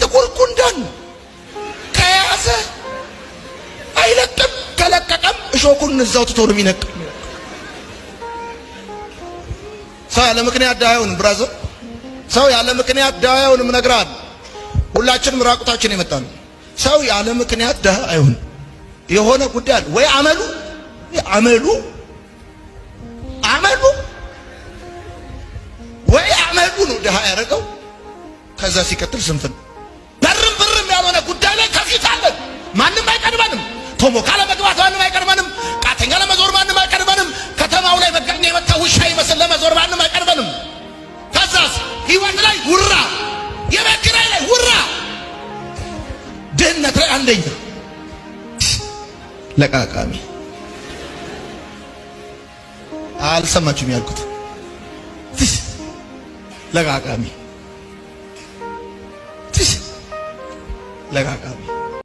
ጥቁር ጉንዳን ከያዘ አይለቅም፣ ከለቀቀም እሾኩን እዛው ትቶ ነው የሚነቅ። ሰው ያለ ምክንያት ድሀ አይሆንም። ብራዘር ሰው ያለ ምክንያት ድሀ አይሆንም። እነግርሃለሁ፣ ሁላችንም ራቁታችን የመጣን ሰው ያለ ምክንያት ድሀ አይሆንም። የሆነ ጉዳይ አለ ወይ አመሉ አመሉ አመሉ ወይ አመሉ ነው ድሀ ያደረገው ከዛ ሲቀጥል ስንፍን በርም ብርም ያልሆነ ጉዳይ ላይ ከፊት አለን። ማንም አይቀድመንም። ቶሞካ ለመግባት ማንም አይቀድመንም። ቃተኛ ለመዞር ማንም አይቀድመንም። ከተማው ላይ በቀኝ የመጣ ውሻ ይመስል ለመዞር ማንም አይቀድመንም። ከዛስ ህይወት ላይ ውራ፣ የቤት ኪራይ ላይ ውራ፣ ድህነት ላይ አንደኛ ለቃቃሚ አልሰማችሁም ያልኩት ለቃቃሚ लगाकर